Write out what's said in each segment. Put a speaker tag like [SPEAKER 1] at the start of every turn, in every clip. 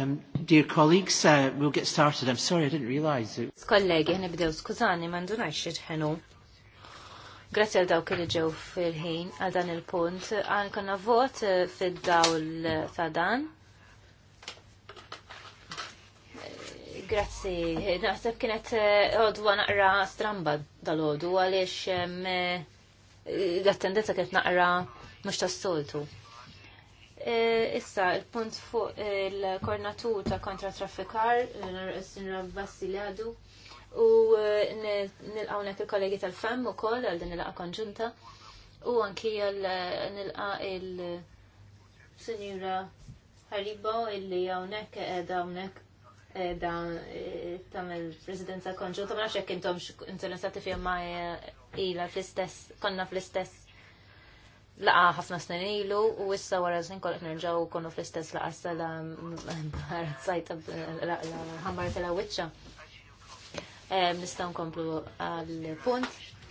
[SPEAKER 1] Um, dear colleagues, uh, we'll get
[SPEAKER 2] started. I'm sorry, I didn't realize it.
[SPEAKER 1] Skollegi, nibdew skużani, mandu najxid ħenu. Grazie għal dawk li ġew fil-ħin għal dan il-punt. Għan konna vot uh, fil-dawl ta' dan. Grazzi, naħseb kienet uh, għodwa naqra stramba dal-għodu għalix um, uh, l-attendenza kienet naqra mux tas-soltu. Eh, issa, il-punt fuq il-kornatur ta' kontra traffikar, l-Sinra Vassiliadu, u eh, nil-għawnek il-kollegi tal-fem u koll għal din il għa konġunta, u anki għal eh, nil għa il-Sinjura Haribo illi għawnek edha għawnek dan tamel presidenza konġunta, ma nafx jekk intom interessati ma ila fl-istess, konna fl-istess laqa ħafna snin ilu u issa wara snin kollet nerġaw konu fl-istess laqa s-sala sajta ħambar tela wicċa. Nistaw nkomplu għal-punt.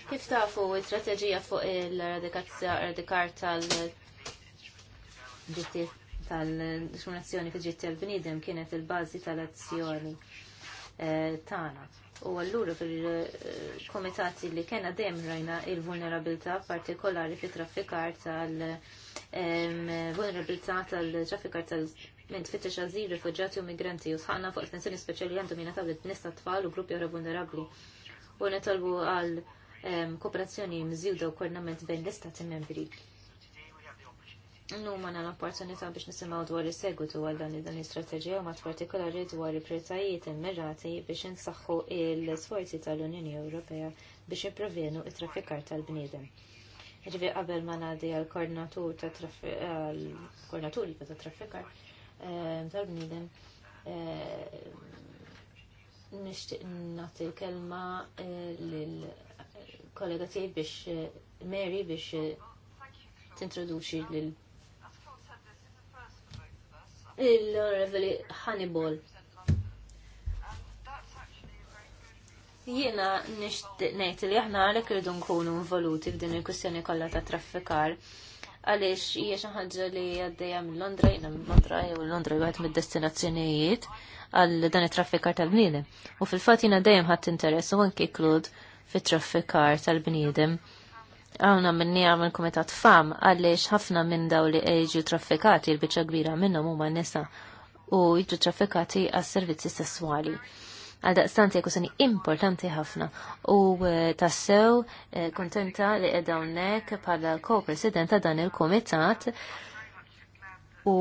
[SPEAKER 1] Kif tafu strategija fuq il-radikar tal-ġitti tal-diskriminazzjoni fi ġitti għal-bnidem kienet il-bazi tal-azzjoni eh, tana. U allura fil-komitati li kena dem rajna il-vulnerabilità partikolari fi traffikar tal-vulnerabilità tal-traffikar tal- Ment fit għazir rifugġati u migranti u sħana fuq attenzjoni speċjali għandhom jingħataw lin-nisa tfal u gruppi oħra vulnerabbli. U netalbu għal kooperazzjoni mżiwda u koordinament bejn l-istati membri Numa l opportunità biex nisimaw dwar is-segwitu għal dan dan l strategija u mat partikolari dwar il-prezzajiet immirati biex insaħħu l-sforzi tal-Unjoni Ewropea biex jipprovjenu il traffikar tal-bniedem. Ġivi qabel ma nadi għal-koordinatur ta' traffikar ehm, tal-bniedem ehm, nishtiq nagħti l-kelma eh, lill-kollega tiegħi biex eh, Mary biex eh, tintroduċi lil il-Reveli Hannibal. Jiena nixtieq ngħid li aħna għalhekk irridu nkunu involuti f'din il-kwistjoni kollha ta' traffikar għaliex hija xi ħaġa li għaddejja minn Londra, jiena minn Londra jew Londra wieħed mid-destinazzjonijiet għal dan it-traffikar tal-bniedem. U fil-fatt jiena dejjem ħadd interess u anke fit-traffikar tal-bniedem għawna minni għamil komitat fam għalliex ħafna minn daw li eġu traffikati l-bicċa kbira minnom huma nisa u jġu traffikati għas servizzi sessuali. Għal daqstanti għakusani importanti ħafna u eh, tassew eh, kontenta li għedawnek pala ko-presidenta dan il-komitat u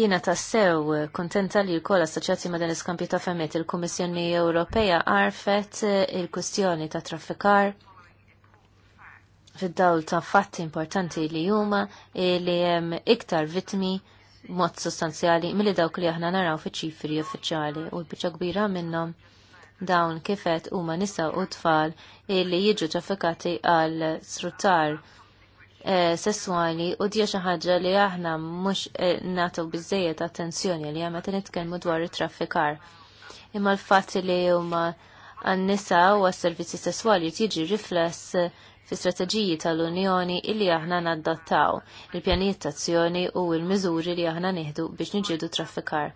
[SPEAKER 1] jina tassew kontenta li l-kol assoċjati ma dan iskampju ta' femmet il komissjoni Ewropea għarfet eh, il-kustjoni ta' traffikar fid-dawl ta' fatti importanti li huma li hemm iktar vittmi mod sostanzjali milli dawk li aħna naraw fi ċifri uffiċjali u l-biċċa kbira minnhom dawn kifet huma nisa u tfal li jiġu trafikati għal sruttar eh, sessuali u dija xi ħaġa li aħna mhux eh, nagħtu biżejjed attenzjoni li hemm qed nitkellmu dwar it-traffikar. Imma l fatti li huma għan-nisa u għas-servizzi sesswali tiġi rifless fi strategiji tal-Unjoni illi aħna naddattaw il-pjanijiet tazzjoni u il-miżuri li aħna nieħdu biex niġġieldu traffikar.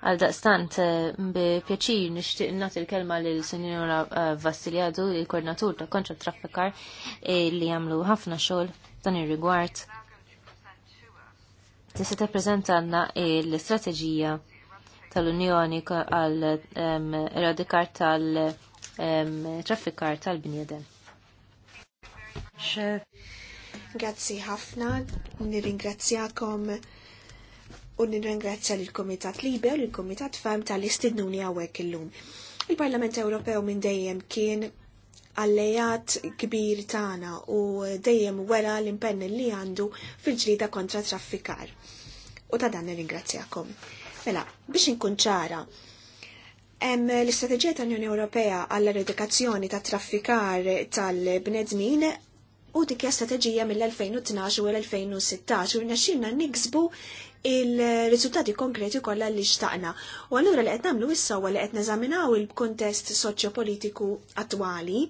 [SPEAKER 1] Għal daqstant, eh, bi pjaċir nixtieq nagħti l-kelma lil Sinjora eh, Vassiliadu, il-koordinatur ta' kontra traffikar eh, li jagħmlu ħafna xogħol dan ir-rigward. Tista' tippreżentanna l-istrateġija tal-Unjoni għal eradikar tal-traffikar tal-bniedem.
[SPEAKER 2] Grazzi ħafna, nirringrazzjakom u nirringrazzja l-Komitat Libe u l-Komitat Fem tal-istidnuni għawek l lum Il-Parlament Ewropew minn dejjem kien allejat kbir tagħna u dejjem wera l-impenn li għandu fil-ġlida kontra traffikar. U ta' dan nirringrazzjakom. Mela, biex inkun ċara, Hemm l-istrateġija tal-Unjoni Ewropea għall eredikazzjoni ta' traffikar tal-bnedmin u dikja strateġija mill-2012 u l-2016 u rnaxxilna niksbu il-riżultati konkreti kollha li xtaqna. U allura li qed nagħmlu issa huwa li qed neżaminaw il-kuntest soċjopolitiku attwali.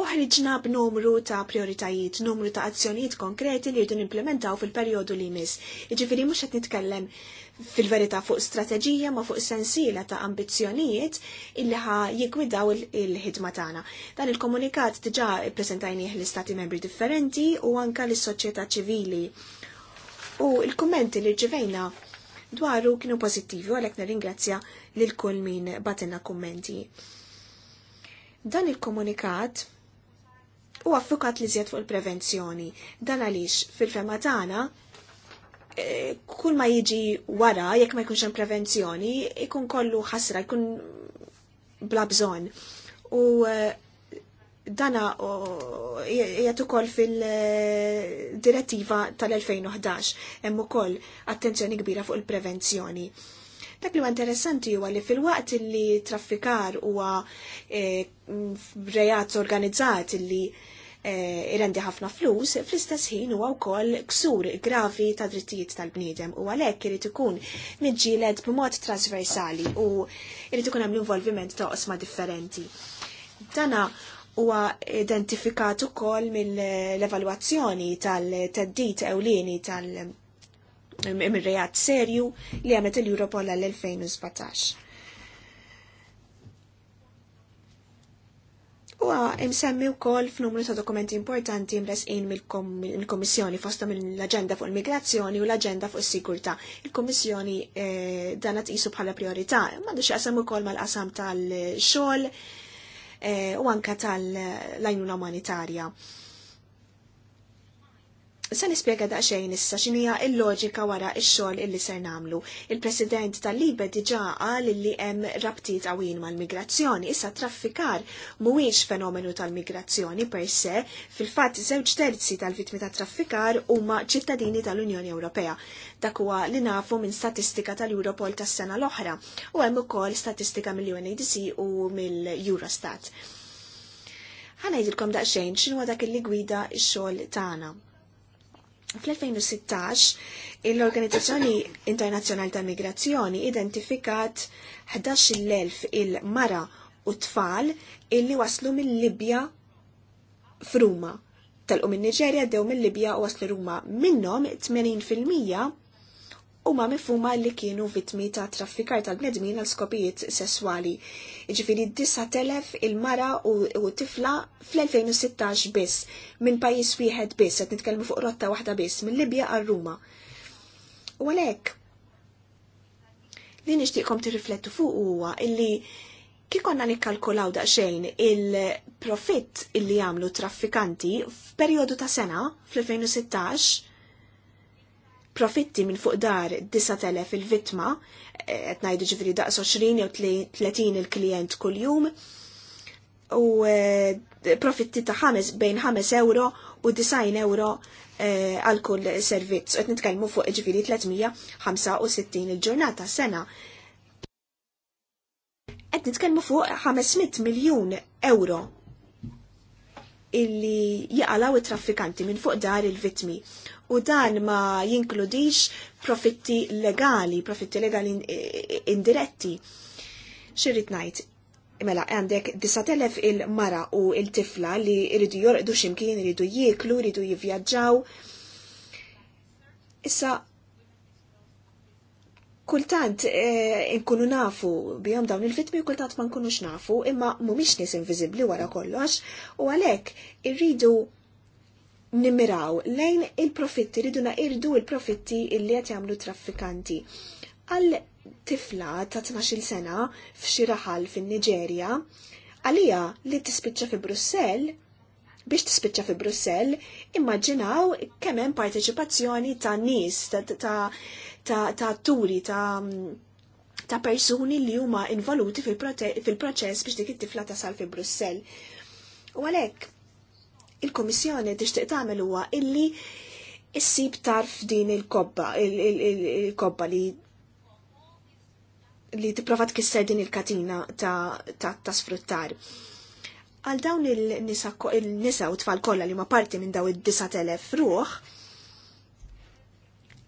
[SPEAKER 2] U ħriġna b'numru ta' prioritajiet, numru ta' azzjonijiet konkreti li jridu nimplementaw fil-perjodu li jmiss. Jiġifieri mhux qed nitkellem fil-verità fuq strateġija ma fuq sensiela ta' ambizzjonijiet illi ħa jikwidaw il-ħidma tagħna. Dan il-komunikat diġà ippreżentajnieh l-istati membri differenti u anka lis-soċjetà ċivili. U l kummenti li ġivejna dwaru kienu pożittivi u għalhekk nirringrazzja lil kull min batilna kummenti. Dan il-komunikat u affukat li żjed fuq il-prevenzjoni. Dan għaliex fil-fema tagħna Eh, kull ma jiġi wara, jekk ma jkunx hemm prevenzjoni, ikun kollu ħasra, jkun bla bżonn. U eh, dana jgħat ukoll fil-direttiva tal-2011 hemm ukoll attenzjoni kbira fuq il-prevenzjoni. Dak li huwa interessanti huwa li fil-waqt li traffikar huwa e, reat organizzat li Eh, irendi ħafna flus, fl-istess ħin huwa wkoll ksur gravi ta' drittijiet tal-bniedem u għalhekk irid ikun miġġieled b'mod trasversali u irrit ikun hemm l-involviment ta' osma differenti. Dana huwa identifikat ukoll mill-evalwazzjoni tal-teddit ewlieni tal-rejat serju li għamet il-Europol għall-2017 u imsemmi wkoll f'numru ta' dokumenti importanti mresqin mill-Kommissjoni fosta mill-Aġenda fuq il-Migrazzjoni u l-Aġenda fuq is-Sigurtà. Il-Kommissjoni eh, dan tqisu bħala priorità, m'għandu x'qasam ukoll mal-qasam tal-xogħol eh, u anka tal-lajnuna umanitarja. Se nispjega xejn issa x'inhija l-loġika wara x-xogħol illi ser nagħmlu. Il-President tal-Libe diġà qal li hemm rabtiet qawwin mal-migrazzjoni, issa traffikar mhuwiex fenomenu tal-migrazzjoni per se, fil-fatt żewġ terzi tal-vittmi ta' traffikar huma ċittadini tal-Unjoni Ewropea. Dak huwa li nafu minn statistika tal-Europol tas-sena l-oħra u hemm ukoll statistika mill-UNADC u mill-Eurostat. Ħanajdilkom daqsxejn x'inhu dak li gwida x-xogħol tagħna Fl-2016, l-Organizzazzjoni Internazzjonali ta' Migrazzjoni identifikat 11.000 il-mara u tfal illi waslu mill-Libja f'Ruma. Talqu minn Niġerja dew mill-Libja u waslu Ruma. Minnhom 80% u ma mifuma li kienu vitmi ta' traffikar tal-bnedmin għal skopijiet sessuali. Ġifiri 9.000 il-mara u tifla fl-2016 biss, minn pajis wieħed biss, għet nitkellmu fuq rotta waħda biss, minn Libja għal Ruma. U għalek, li nishtiqkom tirriflettu fuq huwa illi kikonna nikkalkulaw daqxejn il-profitt illi jagħmlu traffikanti f'perjodu ta' sena fl-2016 profitti minn fuq dar 9000 il-vittma, eh, qed ngħidu ġifri daqs 20 jew 30 il-klijent kuljum, u eh, profitti ta' ħames bejn 5 euro u 90 euro eh, għal kull servizz. Qed nitkellmu fuq ġifieri 365 il-ġurnata sena. Qed nitkellmu fuq 500 miljun euro illi jaqalaw it-traffikanti minn fuq dar il-vitmi. U dan ma jinkludix profitti legali, profitti legali indiretti. Xirrit najt, mela għandek 9000 il-mara u il-tifla li rridu jorqdu ximkien, rridu jieklu, rridu jivjaġġaw. Issa kultant eh, nkunu nafu bihom dawn il-vitmi u kultant ma nkunux nafu imma mumiex nis invizibli wara kollox u għalek irridu nimmiraw lejn il-profitti, rridu irdu il-profitti illi qed jagħmlu traffikanti. Għal tifla ta' 12 sena f'xi raħal fin-Niġerja, għalija li tispiċċa fi Brussell biex tispiċċa fi Brussell, immaġinaw kemm hemm parteċipazzjoni ta' nies, ta' atturi, ta' ta' persuni li huma involuti fil-proċess biex dik it-tifla tasal fi Brussell. U għalhekk il-Kummissjoni tixtieq tagħmel huwa illi issib tarf din il-kobba, il-kobba li li tipprova tkisser din il-katina ta', ta sfruttar għal dawn il-nisa u tfal kolla li ma parti minn daw id-9000 ruħ,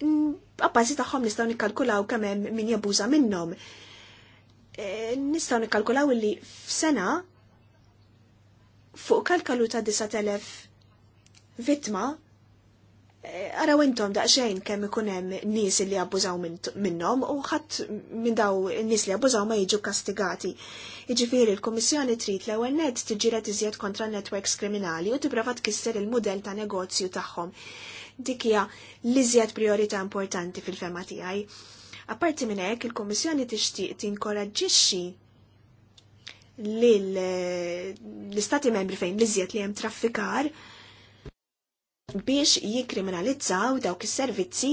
[SPEAKER 2] għabbażi taħħom nistaw nikkalkulaw kemm hemm min jabuża minnhom. E, nistaw nikkalkulaw li f'sena fuq kalkalu ta' 9000 vittma Għara intom daqxejn kemm ikun hemm nies li abbużaw minnhom u ħadd minn daw nies li abbużaw ma jiġu kastigati. Jiġifieri l-Kummissjoni trid l-ewwel nett tiġiret iżjed kontra networks kriminali u tipprova tkisser il-mudell ta' negozju tagħhom. Dik hija l-iżjed priorità importanti fil-fema tiegħi. Apparti minn hekk, il-Kummissjoni tixtieq tinkoraġġixxi l-istati membri fejn li li hemm traffikar biex jikriminalizzaw dawk is-servizzi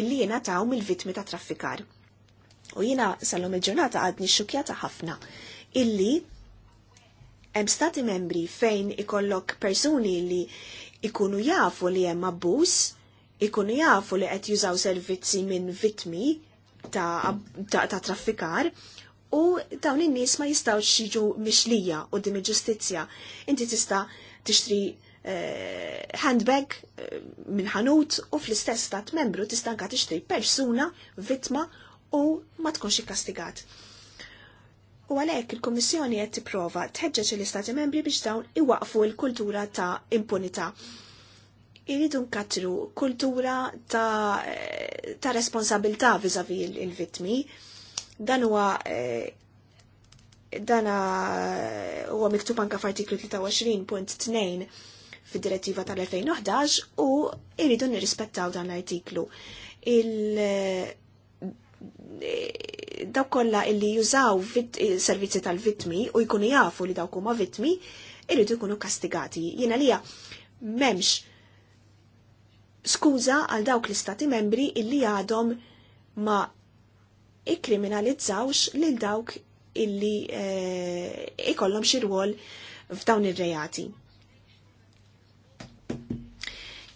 [SPEAKER 2] illi taw mill-vittmi ta' traffikar. U jiena sal-lum il-ġurnata għadni xukjata ħafna illi hemm stati membri fejn ikollok persuni li ikunu jafu li hemm abbuż, ikunu jafu li qed jużaw servizzi minn vittmi ta', ta, ta traffikar u dawn in-nies ma jistgħux jiġu mixlija qudiem il-ġustizzja. Inti tista' tixtri Eh, handbag eh, minn ħanut u fl-istess stat membru tista' nka tixtri persuna vittma u ma tkunx ikkastigat. U għalhekk il-Kummissjoni qed tipprova tħeġġeġ l-Istati Membri biex dawn iwaqfu l-kultura ta' impunità. Iridu nkattru kultura ta', eh, ta responsabilità viżavi l vittmi Dan huwa dana huwa miktub anka f'artiklu 23.2 fid-direttiva tal-2011 u irridu nirrispettaw dan l-artiklu. Il eh, daw kolla illi jużaw servizzi tal-vitmi u jkunu jafu li dawk huma vitmi irridu jkunu kastigati. Jiena lija memx skuża għal dawk l-istati membri illi għadhom ma ikkriminalizzawx lil dawk illi eh, ikollhom xi rwol f'dawn ir-reati.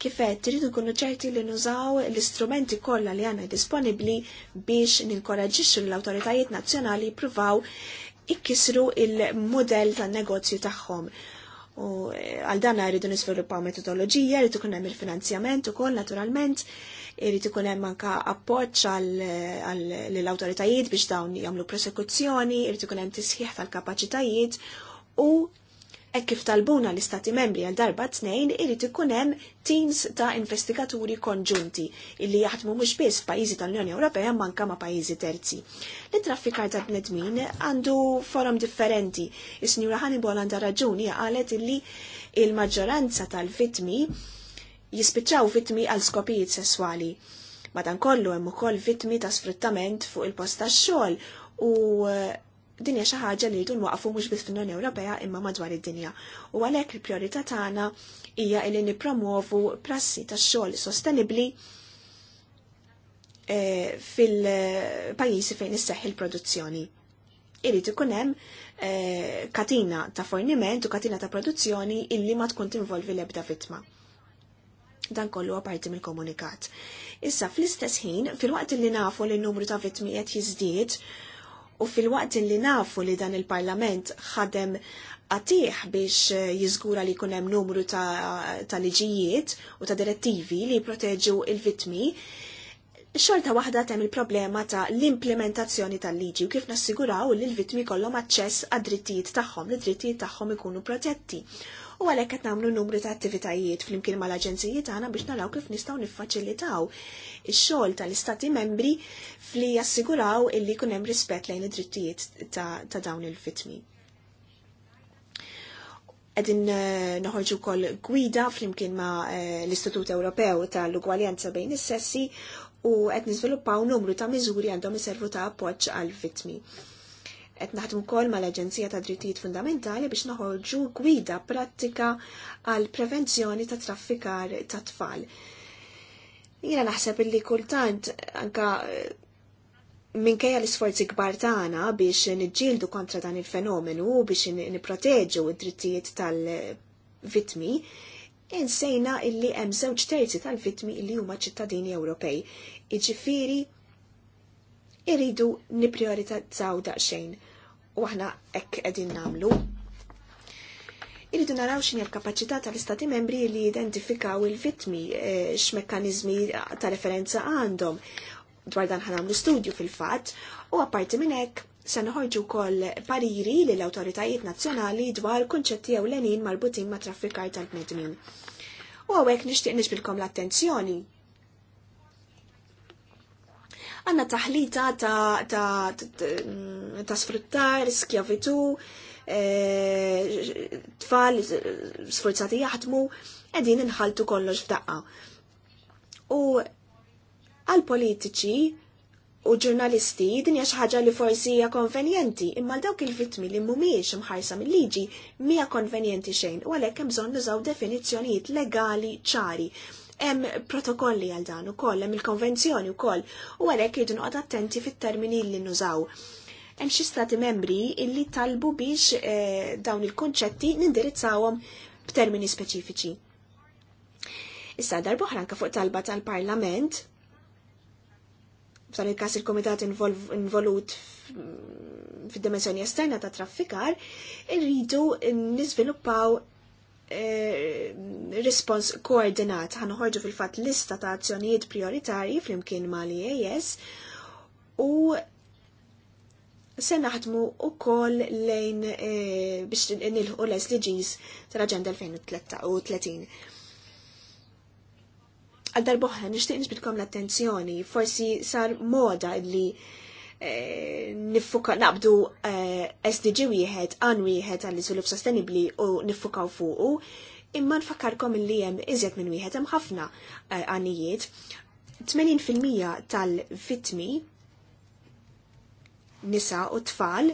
[SPEAKER 2] Kifet, rridu kunu ċerti li nużaw l-istrumenti kollha li għandna disponibbli biex ninkoraġixxu l-awtoritajiet nazzjonali jippruvaw ikkisru il-modell tan-negozju tagħhom. U eh, għal dan rridu nisviluppaw metodoloġija, rridu kunem hemm il-finanzjament ukoll naturalment, rridu kunem hemm anke appoġġ għall-awtoritajiet biex dawn jagħmlu prosekuzzjoni, rridu kunem hemm tisħiħ tal-kapaċitajiet u Ek kif talbuna l-istati membri għal darba tnejn nejn ikun hemm teams ta' investigaturi konġunti illi jaħdmu mhux biss f'pajjiżi tal-Unjoni Ewropea manka ma' pajjiżi terzi. l traffikar ta' bnedmin għandu forum differenti. Is-Sinjura Hannibal għandha raġuni qalet illi il-maġġoranza tal-vitmi jispiċċaw vitmi għal skopijiet sesswali. Madankollu hemm ukoll vitmi ta' sfruttament fuq il posta tax-xogħol u Dinja xi ħaġa li jdu nwaqfu mhux biss fin unjoni Ewropea imma madwar id-dinja. U għalhekk il prijorità tagħna hija li nippromovu prassi tax-xogħol sostenibbli eh, fil-pajjiżi fejn isseħħ il-produzzjoni. Irid ikun hemm eh, katina ta' forniment u katina ta' produzzjoni illi ma tkun tinvolvi l-ebda vittma dan kollu għaparti mill komunikat Issa fl-istess ħin, fil-waqt li nafu li n-numru ta' vittmi qed jiżdied, u fil-waqt li nafu li dan il-Parlament ħadem għatiħ biex jizgura li kunem numru ta', ta liġijiet u ta' direttivi li proteġu il-vitmi, xorta waħda tem il-problema ta' l-implementazzjoni tal-liġi u kif nassiguraw li l-vitmi kollhom aċċess għad-drittijiet tagħhom, li drittijiet tagħhom ikunu protetti u għalhekk qed nagħmlu numru ta' attivitajiet flimkien mal-aġenzijiet tagħna biex naraw kif nistgħu niffaċilitaw ix-xogħol tal-istati membri li jassiguraw illi jkun hemm rispett lejn id-drittijiet ta' dawn il-vitmi. Edin eh, noħorġu kol gwida flimkien ma' eh, l-Istitut Ewropew tal-Ugwaljanza bejn is-sessi u qed niżviluppaw numru ta' miżuri għandhom iservu ta' appoġġ għal-vitmi qed naħdmu wkoll mal-Aġenzija ta' Drittijiet Fundamentali biex noħorġu gwida prattika għal prevenzjoni ta' traffikar ta' tfal. Jiena naħseb li kultant anka eh, minkejja l-isforzi kbar tagħna biex niġġieldu kontra dan il-fenomenu biex nipproteġu id-drittijiet tal-vitmi, insejna illi hemm żewġ terzi tal-vitmi illi huma ċittadini Ewropej. Iġifieri irridu niprioritizzaw daqsxejn u aħna hekk qegħdin nagħmlu. Irridu naraw x'inhi l-kapaċità tal-istati membri li jidentifikaw il-vittmi eh, x'mekkaniżmi ta' referenza għandhom dwar dan ħanamlu studju fil-fatt u apparti minn hekk se noħorġu wkoll pariri lill awtoritajiet nazzjonali dwar kunċetti ewlenin marbutin ma' traffikar tal-bnedmin. U għawek nixtieq nixbilkom l-attenzjoni Għanna taħlita ta' mm, sfruttar, skjavitu, e, tfal sforzati jaħdmu, edin nħaltu kollox f'daqqa. U għal-politiċi u ġurnalisti din hija xi ħaġa li forsi hija konvenjenti, imma dawk il-vittmi li mhumiex imħarsa mill-liġi mija konvenjenti xejn u għalhekk hemm bżonn nużaw definizzjonijiet legali ċari Hemm protokolli għal dan ukoll, hemm il-konvenzjoni wkoll, u għalhekk irridu noqgħod attenti fit-termini li nużaw. Hemm xi stati membri illi talbu biex eh, dawn il-konċetti nindirizzawhom b'termini speċifiċi. Issa darbohra anke fuq talba tal-Parlament, f'dan il-każ il-Komitat involut fid-dimensjoni esterna ta' traffikar, irridu nisviluppaw Eh, response koordinat ħanħorġu fil-fat lista ta' azzjonijiet prioritarji fl-imkien ma' li EAS u se naħdmu u koll lejn eh, biex nilħu l-SDGs tal-Agenda 2030. Għal darboħra nishtiq nixbitkom l-attenzjoni, forsi sar moda li Eh, nifuka naqbdu eh, SDG wieħed, għan wieħed għall sulub sostenibli u nifukaw fuqu, imma nfakkarkom li jem iżjed minn wieħed hemm ħafna eh, għanijiet. 80% tal-vitmi nisa u tfal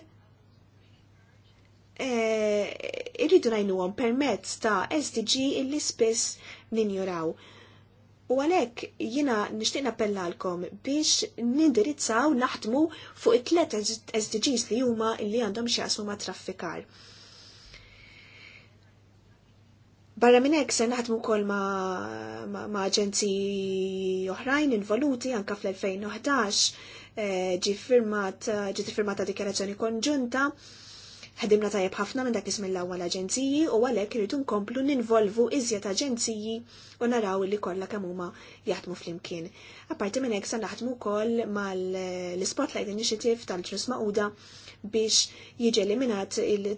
[SPEAKER 2] irridu najnuhom permezz ta' SDG illi spiss ninjuraw. U għalek jina nishtiq appellalkom biex nindirizzaw naħdmu fuq it-tlet SDGs li huma li għandhom xjaqsmu ma' traffikar. Barra minn hekk se naħdmu wkoll ma', ma, ma aġenziji oħrajn involuti anka fl-2011 eh, ġi firmat ġi firmata dikjarazzjoni konġunta Ħedimna tajjeb ħafna minn dak ism l-ewwel aġenziji u għalhekk irid nkomplu ninvolvu iżjed aġenziji u naraw li kollha kemm huma jaħdmu flimkien. Apparti minn hekk se naħdmu wkoll mal-Spotlight Initiative tal ġus Maquda biex jiġi eliminat il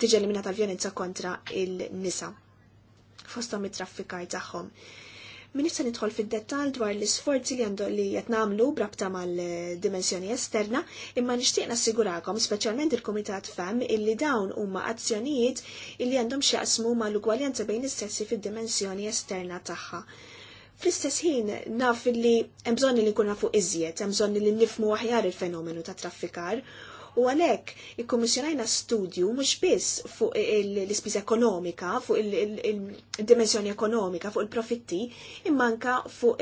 [SPEAKER 2] vjolenza kontra il-nisa fostom it-traffikaj tagħhom. Min issa nidħol fid-dettal dwar l-isforzi li għandu li qed nagħmlu brabta mal-dimensjoni esterna, imma nixtieq nassigurakom, speċjalment il-Kumitat Fem, illi dawn huma azzjonijiet illi għandhom x'jaqsmu mal-ugwaljanza bejn l-istessi fid-dimensjoni esterna tagħha. Fl-istess ħin naf li hemm bżonn li nkun nafu iżjed, hemm bżonn li nifmu aħjar il-fenomenu ta' traffikar u għalhekk ikkummissjonajna studju mhux biss fuq l ispiza ekonomika, fuq il-dimensjoni ekonomika, fuq il-profitti, imma anka fuq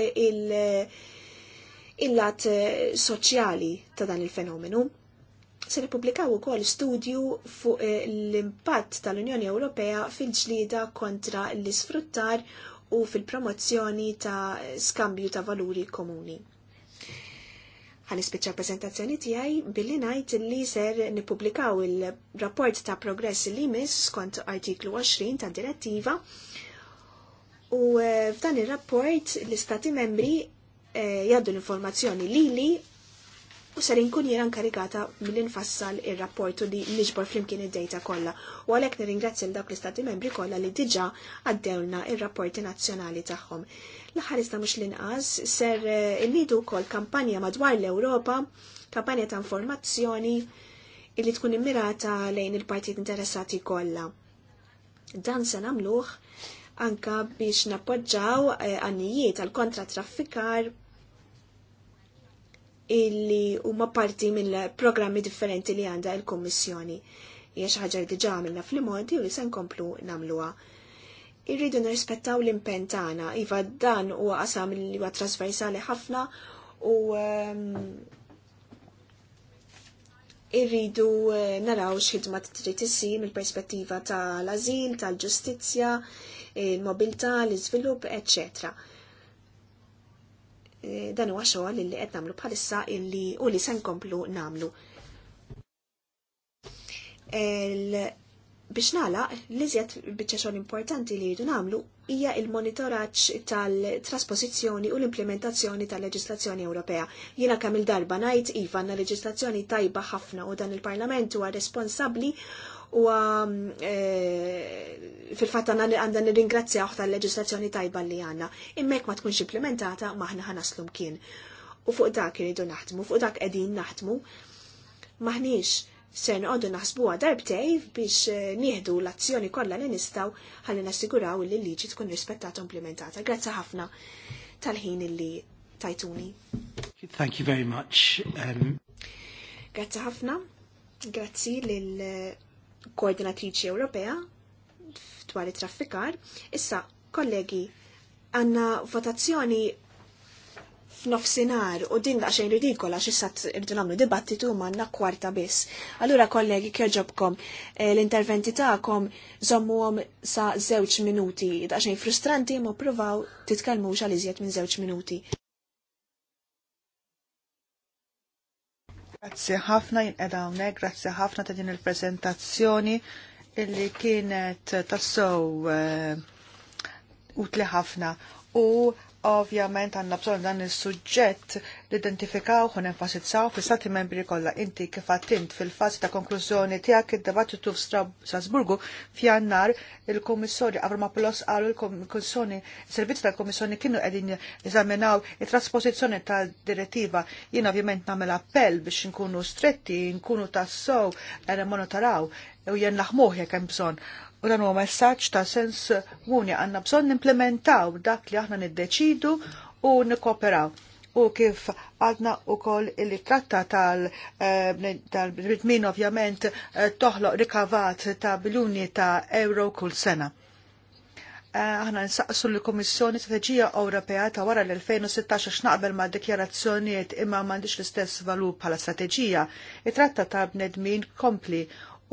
[SPEAKER 2] il-lat eh, soċjali ta' dan il-fenomenu. Se nippubblikaw ukoll studju fuq eh, l-impatt tal-Unjoni Ewropea fil-ġlida kontra l-isfruttar u fil-promozzjoni ta' skambju ta' valuri komuni ħanispiċċa prezentazzjoni tiegħi billi ngħid li ser nippubblikaw il-rapport ta' progress li jmiss skont artiklu 20 ta' direttiva u eh, f'dan ir-rapport l-istati membri eh, jgħaddu l-informazzjoni li li u sarin kun jena nkarikata mill-infassal il-rapportu li niġbor flimkien id-dejta kollha. U għalhekk nirringrazzjam dawk l-istati membri kollha li diġà għaddewna il rapporti nazzjonali tagħhom. L-aħħar iżda mhux l-inqas ser eh, innidu wkoll kampanja madwar l-Ewropa, kampanja ta' informazzjoni li tkun immirata lejn il-partit interessati kollha. Dan se nagħmluh anka biex nappoġġaw eh, għannijiet għal kontra traffikar illi huma parti mill-programmi differenti li għandha l-Kummissjoni. Hija xi ħaġa li diġà għamilna fl monti u li se nkomplu nagħmluha. Irridu nirrispettaw l-impenn tagħna, iva dan huwa qasam li huwa trasversali ħafna u ehm, irridu eh, naraw x'ħidma trid issir mill-perspettiva tal-ażil, tal-ġustizzja, il-mobilità, l-iżvilupp, eċċetera Eh, dan huwa xogħol li qed nagħmlu bħalissa illi u li se nkomplu nagħmlu biex nala, li biċċa xogħol importanti li jidu namlu hija il-monitoraċ tal-trasposizjoni u l-implementazzjoni tal-leġislazzjoni Ewropea. Jiena kemm il-darba najt iva na leġislazzjoni tajba ħafna u dan il-Parlament huwa responsabbli u um, eh, fil-fatt għandna nirringrazzjaw tal-leġislazzjoni tajba li għandna. Immek ma tkunx implementata maħna ħanaslu mkien. U fuq dak irridu naħdmu, fuq dak qegħdin naħdmu. Maħniex se nqogħdu naħsbuha darbtej biex eh, nieħdu l-azzjoni kollha li nistgħu ħalli nassiguraw li l-liġi tkun rispettata u implementata. Grazzi ħafna tal-ħin illi tajtuni.
[SPEAKER 1] Thank you very much. Um...
[SPEAKER 2] Grazzi ħafna. Grazzi lil koordinatriċi Ewropea dwar it-traffikar. Issa, kollegi, għanna votazzjoni f'nofsinhar u din daqsxejn ridikola xi sat irdu nagħmlu dibattitu manna kwarta biss. Allura kollegi kerġobkom eh, l-interventi tagħkom żommuhom sa żewġ minuti daqsxejn frustranti ma pruvaw titkellmux għal iżjed minn żewġ minuti.
[SPEAKER 3] Grazzi ħafna jinqeda hawnhekk, grazzi ħafna ta' din il-preżentazzjoni illi kienet tassow eh, utli ħafna u Ovvjament għanna bżonn dan il-suġġett l-identifikaw u enfasizzaw fi stati membri kollha inti kif attint fil-fazi ta' konklużjoni tiegħek id-dibattitu f'Strasburgu f'Jannar il-Kummissarju Avramopoulos qalu l-Kummissjoni servizzi tal-Kummissjoni kienu edin eżaminaw it trasposizjoni tad-direttiva. Jien ovvjament nagħmel appell biex nkunu stretti, nkunu tassow, eh, monotaraw u jien naħmuh jekk hemm bżonn U dan huwa messaġġ ta' sens wuni għandna bżonn nimplementaw dak li aħna niddeċidu u nikkoperaw. U kif għadna u koll il-tratta tal-bidmin eh, ovvjament eh, toħloq rikavat ta' biljuni ta' euro kull sena. Eh, aħna nsaqsu l-Komissjoni Strategija Ewropea ta' wara l-2016 x'naqbel ma' dikjarazzjonijiet imma m'għandix l-istess valur bħala strateġija. it tratta ta' bnedmin kompli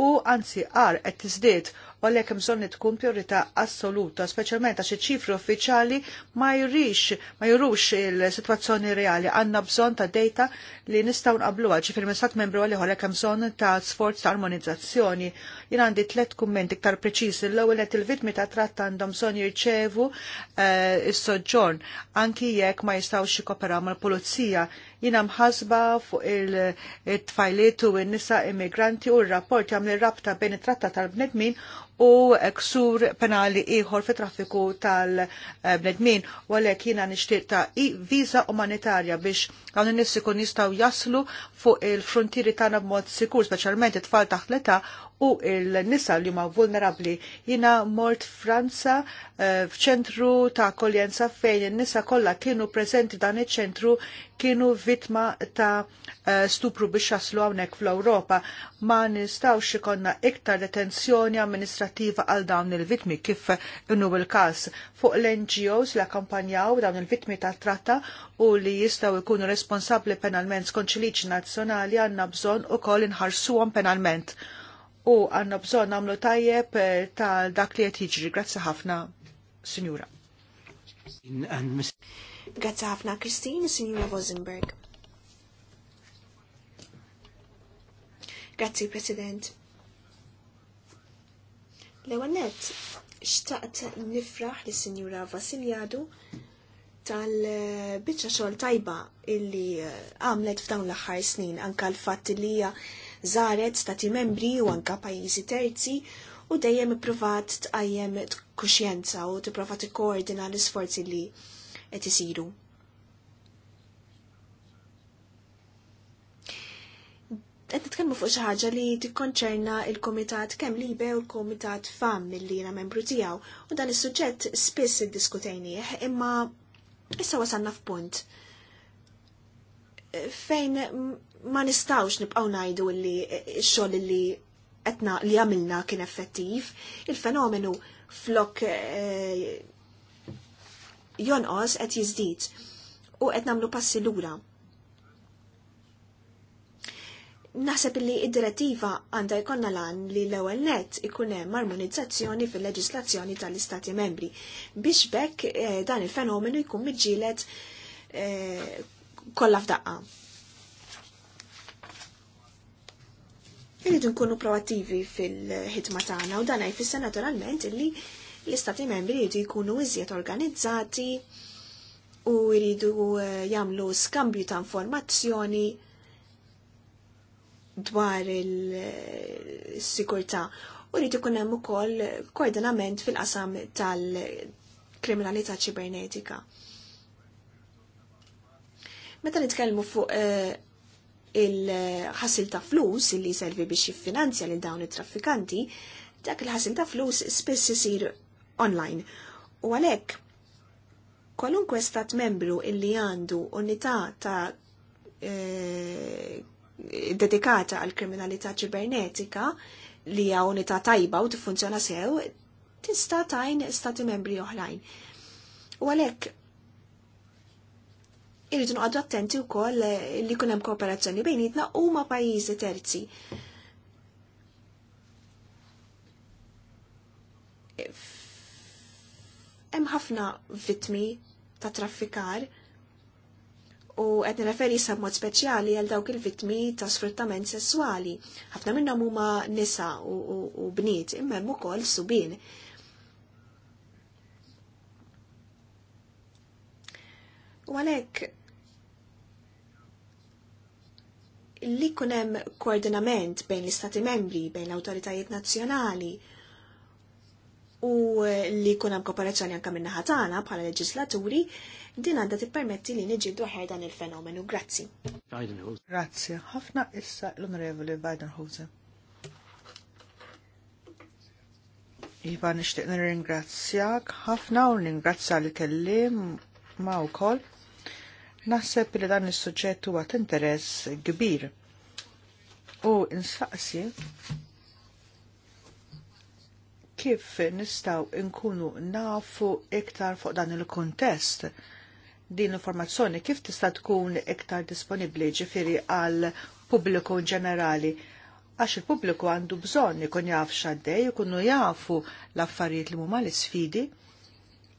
[SPEAKER 3] u anzi għar qed tiżdied u għalhekk hemm bżonn tkun priorità assoluta, speċjalment għax iċ-ċifri uffiċjali ma jirrix ma jirrux il-sitwazzjoni reali. Għandna bżonn ta' data li nistgħu nqabluha, ġifier minn stat membru għalih għalhekk hemm bżonn ta' sforz ta' armonizzazzjoni. Jien għandi tliet kummenti iktar preċiżi. L-ewwel qed il-vittmi ta' tratt għandhom bżonn jirċevu eh, s soġġorn anki jekk ma jistgħux jikkoperaw mal-pulizija Jina mħasba fuq il tfajletu u n-nisa immigranti u r-rapport jagħmel rabta bejn it-tratta tal-bnedmin u ksur penali ieħor fi traffiku tal-bnedmin u għalhekk jiena nixtieq ta' viża umanitarja biex dawn in-nies ikun jistgħu jaslu fuq il-frontieri tagħna b'mod sikur, speċjalment it-tfal taħt l-età u il-nisa li huma vulnerabbli. Jina mort Franza eh, f'ċentru ta' koljenza fejn in-nisa kollha kienu preżenti dan il ċentru kienu vittma ta' eh, stupru biex jaslu hawnhekk fl-Ewropa. Ma nistgħux ikonna iktar detenzjoni amministrativa għal dawn il-vittmi kif innu il-każ fuq l-NGOs li akkampanjaw dawn il-vittmi tat-tratta u li jistgħu jkunu responsabbli penalment skont xi għanna bżon għandna bżonn ukoll inħarsuhom penalment u għanna bżon għamlu tajjeb eh, ta' dak li qed jiġri. Grazzi ħafna, Signora.
[SPEAKER 2] Grazzi ħafna, Kristina, Signora Vosenberg. Grazzi, President. l xtaqt nifraħ li Sinjura Vasiljadu tal-bicċa xogħol tajba illi eh, għamlet f'dawn l-aħħar snin anka l fat li żaret stati membri u anka pajjiżi terzi u dejjem ippruvat tqajjem kuxjenza u tipprova tikkoordina l-isforzi li qed isiru. Qed nitkellmu fuq xi ħaġa li tikkonċerna il-Kumitat kemm libe u l-Kumitat fam milli jiena membru tiegħu u dan is-suġġett spiss iddiskutejnieh imma issa wasalna f'punt fejn ma nistawx nibqaw najdu li x-xogħol li etna li għamilna kien effettiv, il-fenomenu flok eh, jonqos qed jiżdied u qed nagħmlu passi lura. Naħseb li id-direttiva għandha jkollna lan li l-ewwel nett ikun hemm armonizzazzjoni fil-leġislazzjoni tal-Istati membri biex bekk eh, dan il-fenomenu jkun miġġieled e, eh, kollha f'daqqa. Irridu nkunu proattivi fil-ħidma tagħna u dan jfisser naturalment illi l-istati membri jridu jkunu iżjed organizzati u jridu eh, jagħmlu skambju ta' informazzjoni dwar il-sikurtà u jrid ikun hemm ukoll koordinament fil-qasam tal-kriminalità ċibernetika. Meta nitkellmu fuq eh, il-ħasil ta' flus illi servi biex jiffinanzja lil dawn it-traffikanti, dak il-ħasil ta' flus spiss isir online. U għalhekk kwalunkwe stat membru illi għandu unità ta' e, dedikata għal kriminalità ċibernetika li hija unità tajba u tiffunzjona sew, tista' tajn stati membri oħrajn. U għalhekk irridu noqgħodu attenti wkoll eh, li jkun hemm kooperazzjoni bejnietna huma pajjiżi terzi. Hemm ħafna vittmi ta' traffikar u qed nirreferi sa mod speċjali għal dawk il-vittmi ta' sfruttament sessuali. Ħafna minnhom huma nisa u, u, u bniet, imma hemm ukoll subin. U għalhekk. li kunem koordinament bejn l-istati membri, bejn l-autoritajiet nazjonali u li kunem kooperazzjoni anka minna ħatana bħala leġislaturi, din għanda tippermetti li nġiddu ħer dan il-fenomenu. Grazzi. Grazzi. Ħafna issa l-Onorevoli Bidenhose.
[SPEAKER 3] Iva nishtiq nirringrazzjak ħafna u ringrazzja li kellim ma' u koll Naħseb li dan is-suġġett huwa interess kbir. U insaqsi kif nistaw inkunu nafu iktar fuq dan il-kontest din informazzjoni kif tista' tkun iktar disponibbli ġifiri għal pubbliku ġenerali għax il-pubbliku għandu bżonn ikun jaf xaddej, ikunu jafu l-affarijiet li huma l-sfidi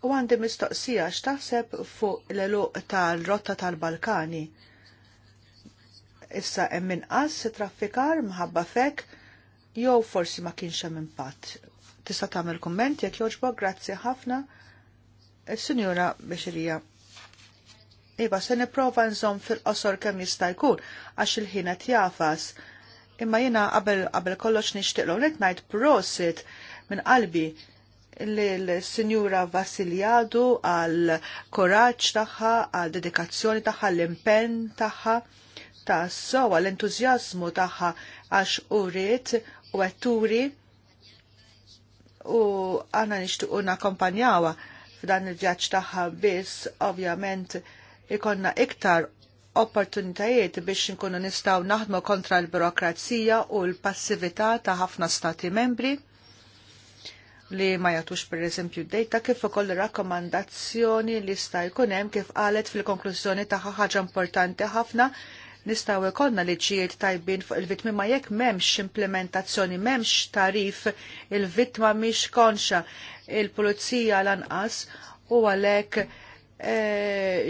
[SPEAKER 3] U għandi mistoqsija x'taħseb fuq l-eluq tal-rotta tal-Balkani. Issa hemm inqas traffikar mħabba fek jew forsi ma kienx hemm impatt. Tista' tagħmel kumment jekk jogħġbok, grazzi ħafna. Is-Sinjura Bexirija. Iva, se nipprova nżomm fil-qosor kemm jista' jkun għax il-ħin qed jafas. Imma jiena qabel qabel kollox l ngħid ngħid prosit minn qalbi l-Sinjura Vasiliadu għal koraċ tagħha, għal dedikazzjoni tagħha, l-impenn tagħha, ta' sowa l-entużjażmu tagħha għax uriet u għetturi u għana unna kompanjawa f'dan il-vjaġġ tagħha biss ovvjament ikonna iktar opportunitajiet biex nkunu nistaw naħdmu kontra l-birokrazija u l-passività ta' ħafna stati membri li ma jagħtux pereżempju dejta kif ukoll rakkomandazzjoni li sta jkun hemm kif qalet fil-konklużjoni tagħha ħaġa importanti ħafna nistgħu ikollna li ġiet tajbin fuq il-vittmi ma jekk m'hemmx implementazzjoni, m'hemmx tarif il-vittma mhix konxa il-pulizija lanqas u għalhekk e,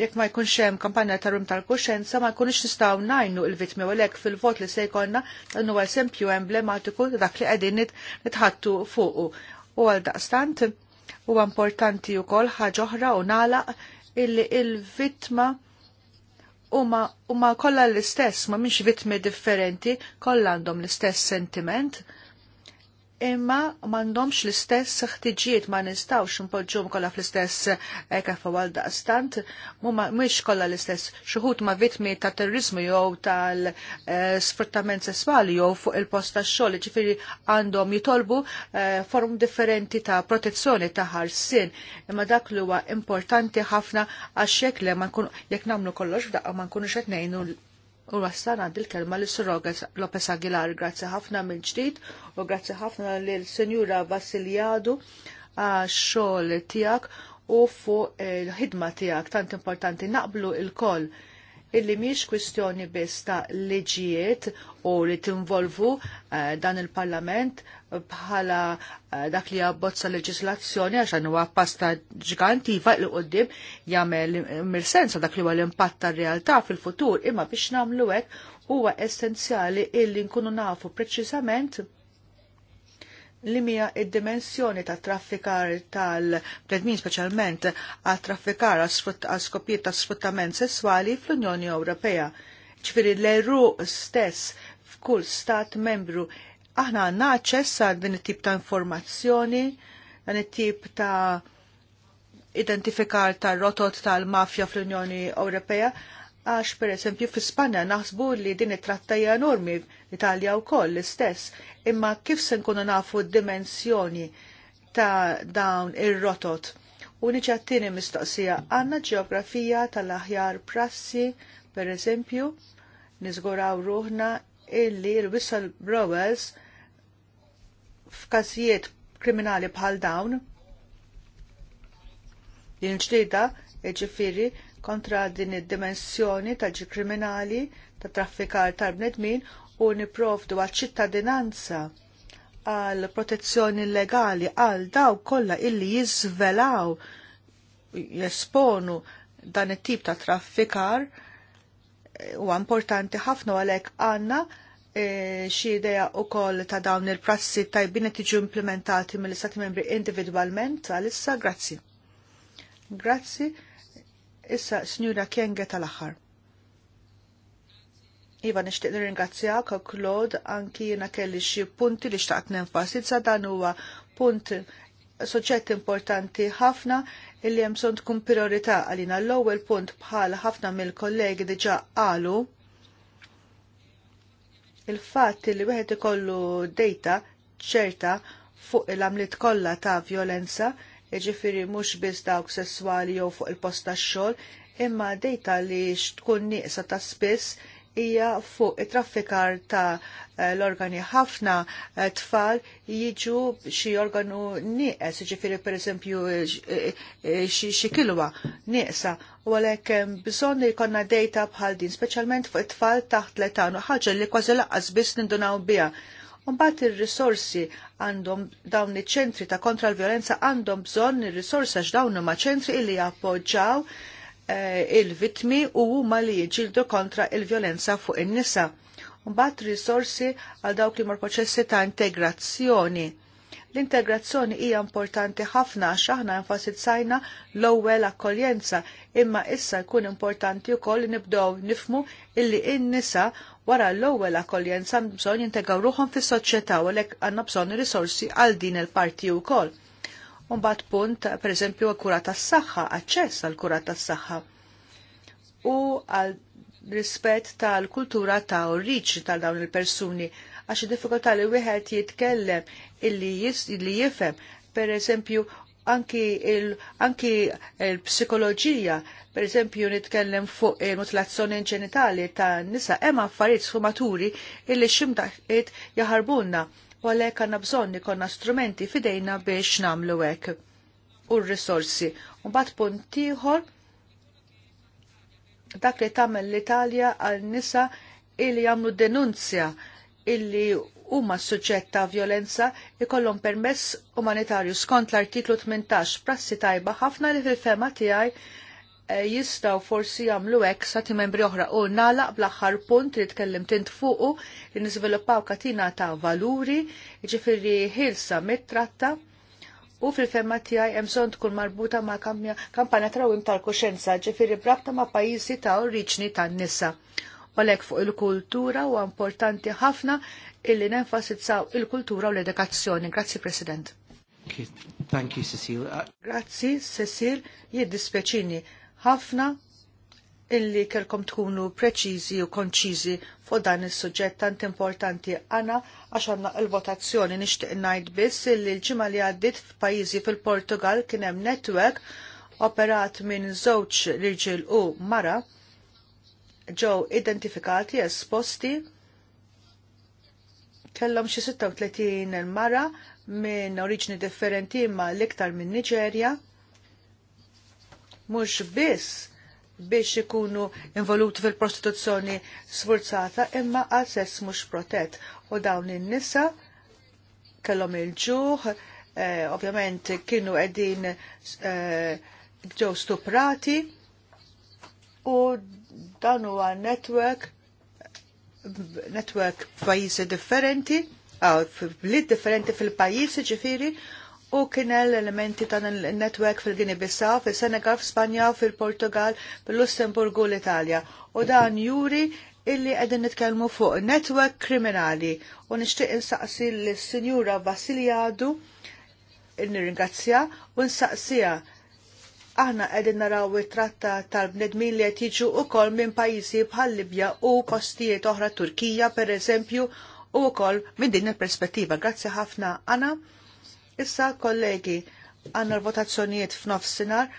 [SPEAKER 3] jekk ma jkunx hemm kampanja ta' rum tal-kuxenza ma jkunx nistgħu najnu l-vittmi u għalhekk fil-vot li se jkollna dan huwa emblematiku dak li qegħdin nitħattu fuqu u għal daqstant u importanti u kol ħagħuħra u nalaq illi il-vitma u ma kolla l-istess, ma minx vitmi differenti, kolla għandhom l-istess sentiment, imma mandomx l-istess ħtiġiet ma nistawx npoġġum kolla fl-istess eh, kafa għal daqstant, mux kolla l-istess xuħut ma vitmi ta' terrorizmu jew tal-sfruttament eh, sessuali jew fuq il-post ta' xogħol, ġifieri għandhom jitolbu eh, form differenti ta' protezzjoni ta' ħarsin, imma dak li huwa importanti ħafna għax jekk li ma jekk nagħmlu kollox f'daqqa ma nkunux qed ngħinu U wassan għandil kelma li Soroga Lopez Aguilar, grazzi ħafna mill ġdid u grazzi ħafna li l-Senjura Vasiljadu għax-xogħol tiegħek u fuq il-ħidma tiegħek tant importanti naqblu il-koll illi miex kwistjoni biss ta' liġijiet u li tinvolvu eh, dan il-Parlament bħala eh, dak li jabbozza leġislazzjoni għax huwa pasta ġgantiva il qoddim jagħmel mir-sensa dak li huwa l-impatt tar-realtà fil-futur imma biex nagħmlu hekk huwa essenzjali illi nkunu nafu preċisament li mija id-dimensjoni ta' traffikar tal-bnedmin speċjalment għat traffikar għal skopijiet ta' sfruttament sessuali fl-Unjoni Ewropea. Ċifiri l erru stess f'kull stat membru aħna għanna aċċess għal din it-tip ta' informazzjoni, dan it-tip ta' identifikar ta' rotot tal-mafja fl-Unjoni Ewropea, għax per esempio fi Spanja naħsbu li din it-trattajja enormi l-Italja u koll l-istess, imma kif se nkunu nafu d-dimensjoni ta' dawn ir-rotot. U niċattini mistoqsija għanna ġeografija tal-aħjar prassi, per eżempju, nizguraw ruħna illi l-whistleblowers f'każijiet kriminali bħal dawn, din ġdida, ġifiri, e kontra din id-dimensjoni tal-ġi kriminali ta' traffikar tal-bnedmin u niprofdu għal ċittadinanza għal protezzjoni legali għal daw kollha illi jizvelaw jesponu dan it-tip ta' traffikar u importanti ħafna għalek għanna e, xie ideja u koll ta' dawn il-prassi tajbin iġu implementati mill-istati membri individualment għal-issa, grazzi. Grazzi, Issa, Snjura Kienge tal-axar. Iva, nishtiq nirringrazzjak, Claude, anki jina kelli xie punti li xtaqt nenfasizza dan huwa punt soċet importanti ħafna illi jemson tkun priorità għalina l-ewwel punt bħal ħafna mill-kollegi diġa qalu il-fatt li wieħed ikollu data ċerta fuq il-għamlit kollha ta' violenza iġifiri mux biz dawk sessuali jew fuq il posta tax-xogħol, imma dejta li tkun nieqsa ta' spiss hija fuq it-traffikar ta' l-organi ħafna eh, tfal jiġu xi organu nieqes, jiġifieri pereżempju eh, eh, xi kilwa nieqsa u għalhekk hemm bżonn li jkollna dejta bħal din, speċjalment fuq it-tfal taħt l u ħaġa li kważi laqqas biss nindunaw biha Mbagħad ir-risorsi għandhom dawn iċ-ċentri ta' kontra l-vjolenza għandhom bżonn ir-risorsa x'dawn huma ċentri li jappoġġaw eh, il-vitmi u huma li jiġildu kontra il-vjolenza fuq in-nisa. Mbagħad risorsi għal dawk li mar proċessi ta' integrazzjoni. L-integrazzjoni hija importanti ħafna għax aħna nfasizzajna l-ewwel akkoljenza, imma issa jkun importanti wkoll nibdew nifmu illi in-nisa wara l-ewwel akkoljenza bżonn jintegaw ruħhom fis-soċjetà u lek għandna bżonn risorsi għal din il-parti wkoll. Mbagħad punt pereżempju kura tas-saħħa, aċċess għal kura tas-saħħa. U għal rispett tal-kultura ta' oriġi tal dawn il-persuni għax diffikultà li wieħed jitkellem illi, jis, jifem per eżempju anki il-psikoloġija, il per eżempju nitkellem fuq il-mutilazzjoni ġenitali ta' nisa, hemm affarijiet sfumaturi illi ximdaħt jaħarbuna u għalhekk għandna bżonn ikonna strumenti fidejna biex nagħmlu hekk u r-risorsi. Mbagħad punt ieħor dak li tagħmel l-Italja għal nisa illi jagħmlu denunzja illi huma suġġett ta' violenza ikollhom permess umanitarju skont l-artiklu 18 prassi tajba ħafna li fil-fema tiegħi eh, jistaw forsi jamlu ek sa membri oħra u nala bl-axar punt li tkellim tint fuqu li nizviluppaw katina ta' valuri ġifiri ħilsa mit-tratta u fil-femma tijaj jemżon tkun marbuta ma' kampanja trawim tal-koxenza ġifiri brabta ma' pajizi ta' oriġni ta' nisa. Olek fuq il-kultura u importanti ħafna illi nenfasizzaw il-kultura u l-edukazzjoni. Grazzi, President. Thank you, Cecil. Uh, Grazzi, Cecil. Jiddispjaċini ħafna illi kelkom tkunu preċiżi u konċiżi fuq dan is-suġġett tant importanti għana għax għandna l-votazzjoni nixtieq ngħid biss illi l-ġimgħa li għaddiet f'pajjiżi fil-Portugal kien hemm netwerk operat minn żewġ riġil u mara ġew identifikati esposti kellhom xi 36 il-mara minn oriġni differenti imma l-iktar minn Niġerja. Mhux biss biex ikunu involuti fil-prostituzzjoni sforzata imma għal sess mhux protett u dawn in-nisa kellhom il-ġuħ, eh, ovvjament kienu qegħdin eh, ġew stuprati u dan huwa network network f'pajjiżi differenti, blid differenti fil-pajjiżi ġifiri, u kien elementi ta' network fil-Gini Bissaw, fil-Senegal, fil-Spanja, fil-Portugal, fil-Lussemburgu l-Italja. U dan juri illi għedin nitkellmu fuq network kriminali u nishtiq insaqsi l-Sinjura Vasiliadu nirringazzja u nsaqsija aħna qegħdin naraw it tratta tal-bnedmin li qed jiġu wkoll minn pajisi bħal Libja u postijiet oħra Turkija pereżempju u wkoll minn din il-perspettiva. Grazzi ħafna għana. Issa kollegi għandna l-votazzjonijiet f'nofsinhar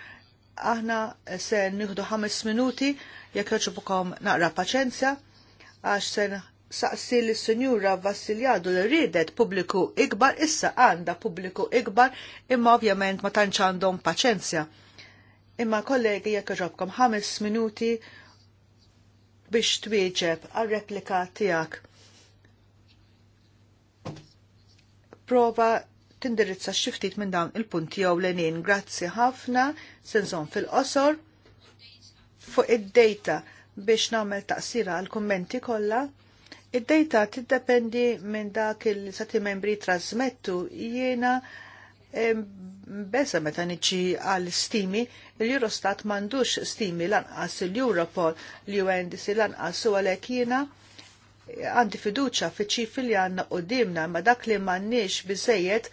[SPEAKER 3] aħna se nieħdu ħames minuti jekk bukom naqra paċenzja għax sen saqsi li s-senjura Vassiljadu li ridet publiku ikbar issa għanda publiku ikbar imma ovvjament ma tantx għandhom paċenzja. Imma kollegi jekk ġobkom ħames minuti biex twieġeb għal-replika tiegħek. Prova tindirizza xiftit minn dawn il-punti jew lenin. Grazzi ħafna, senżon fil-qosor, fuq id-data biex nagħmel taqsira għal kummenti kollha. Id-data tiddependi minn dak il-sati membri trasmettu jiena Besa meta niġi għal stimi, l-Eurostat mandux stimi lanqas l-Europol, l-UNDC lanqas u għalek jina eh, għandi fiduċa fi ċif li għanna u dimna ma dak li mannix bizzejiet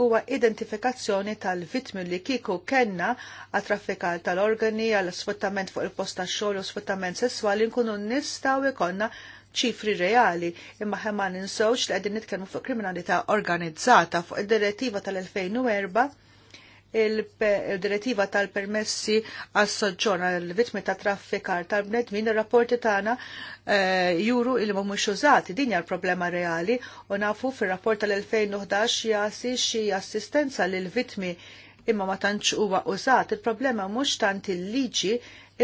[SPEAKER 3] huwa identifikazzjoni tal-vitmi li kiku kenna għat-traffikar tal-organi, għal sfruttament fuq il-posta xogħol u sfuttament sessuali nkunu nistaw ikonna ċifri reali, imma ħemma ninsewx li qegħdin nitkellmu fuq kriminalità organizzata fuq id-direttiva tal-2004 il-direttiva tal-permessi għas soġġon għal vittmi ta' traffikar tal-bnedmin il-rapporti tagħna eh, juru il mhumiex użati din hija l-problema reali u nafu fir-rapport tal-2011 jasi xi assistenza lil vittmi imma ma tantx huwa użat. Il-problema mhux tant il-liġi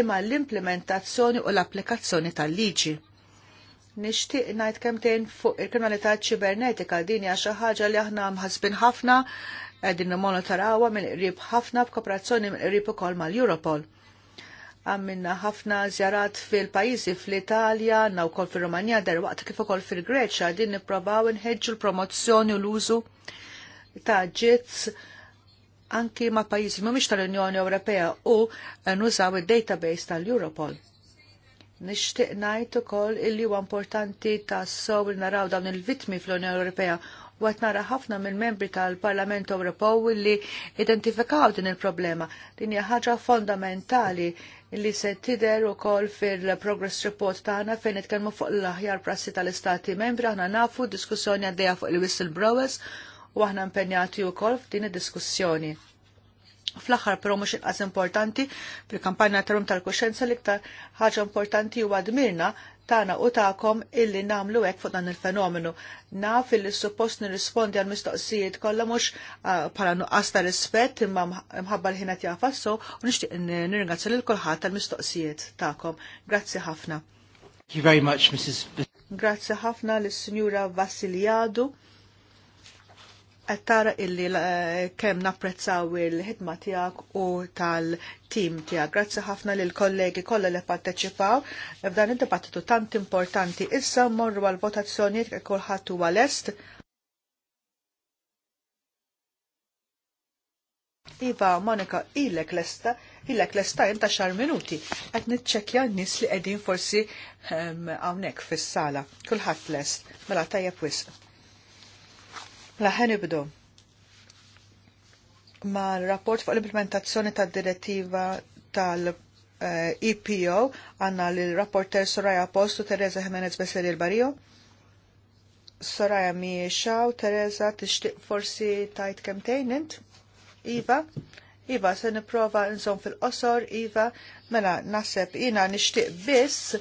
[SPEAKER 3] imma l-implementazzjoni u l-applikazzjoni tal-liġi nixtieq ngħid kemmtejn fuq il-kriminalità ċibernetika din hija xi ħaġa li aħna mħassbin ħafna qegħdin nimmonitorawha minn qrib ħafna b'kooperazzjoni minn qrib ukoll mal-Europol. Għamminna ħafna żjarat fil-pajjiżi fl-Italja, għandna wkoll fir-Rumanija darwaqt kif ukoll fil-Greċja din nipprovaw inħeġġu l-promozzjoni u l-użu ta' ġitz anki ma' pajjiżi mhumiex tal-Unjoni Ewropea u nużaw id database tal-Europol Nixtieq ngħid ukoll illi huwa importanti tassew li naraw dawn il-vitmi fl-Unjoni Ewropea u qed nara ħafna mill-membri tal-Parlament Ewropew illi identifikaw din il-problema. Din hija ħaġa fondamentali li se tider u fil-progress report tagħna fejn nitkellmu fuq l-aħjar prassi tal-istati membri, aħna nafu diskussjoni għaddejja fuq il-whistleblowers u aħna impenjati u f'din id-diskussjoni. Fl-axar però mhux inqas importanti fil-kampanja tal-rum tal-kuxenza l-iktar ħaġa importanti u għadmirna tana u ta'kom illi namlu hekk fuq dan il-fenomenu. Naf illi suppost nirrispondi għal mistoqsijiet kollha mhux ah, bħala nuqqas ta' rispett imma mħabba l-ħin jafasso u nixtieq nirringrazzja lil kulħadd tal-mistoqsijiet tagħkom. Grazzi ħafna.
[SPEAKER 1] Thank you very much, Mrs.
[SPEAKER 3] Grazzi ħafna l sinjura Vassiliadu qed tara illi eh, kemm napprezzaw il-ħidma tiegħek u tal-tim tiegħek. Grazzi ħafna lil kollegi kollha li parteċipaw f'dan id-dibattitu tant importanti. Issa mmorru għal votazzjonijiet kif kulħadd huwa lest. Iva, Monika, ilek lesta, ilek lesta jinta xar minuti, għed nitċekja n-nis li għedin forsi ehm, għawnek fis-sala, kulħadd lest, mela tajja wisq. La mela, ħen ibdu. ma rapport fuq l-implementazzjoni tad direttiva tal EPO għanna l-rapporter Soraya Postu, Teresa Jimenez Beseri il barijo Soraya miexaw, Teresa tixtiq forsi tajt kemtejnint. Iva? Iva, se niprofa nżom fil-qosor, Iva, mela naseb jina nixtieq biss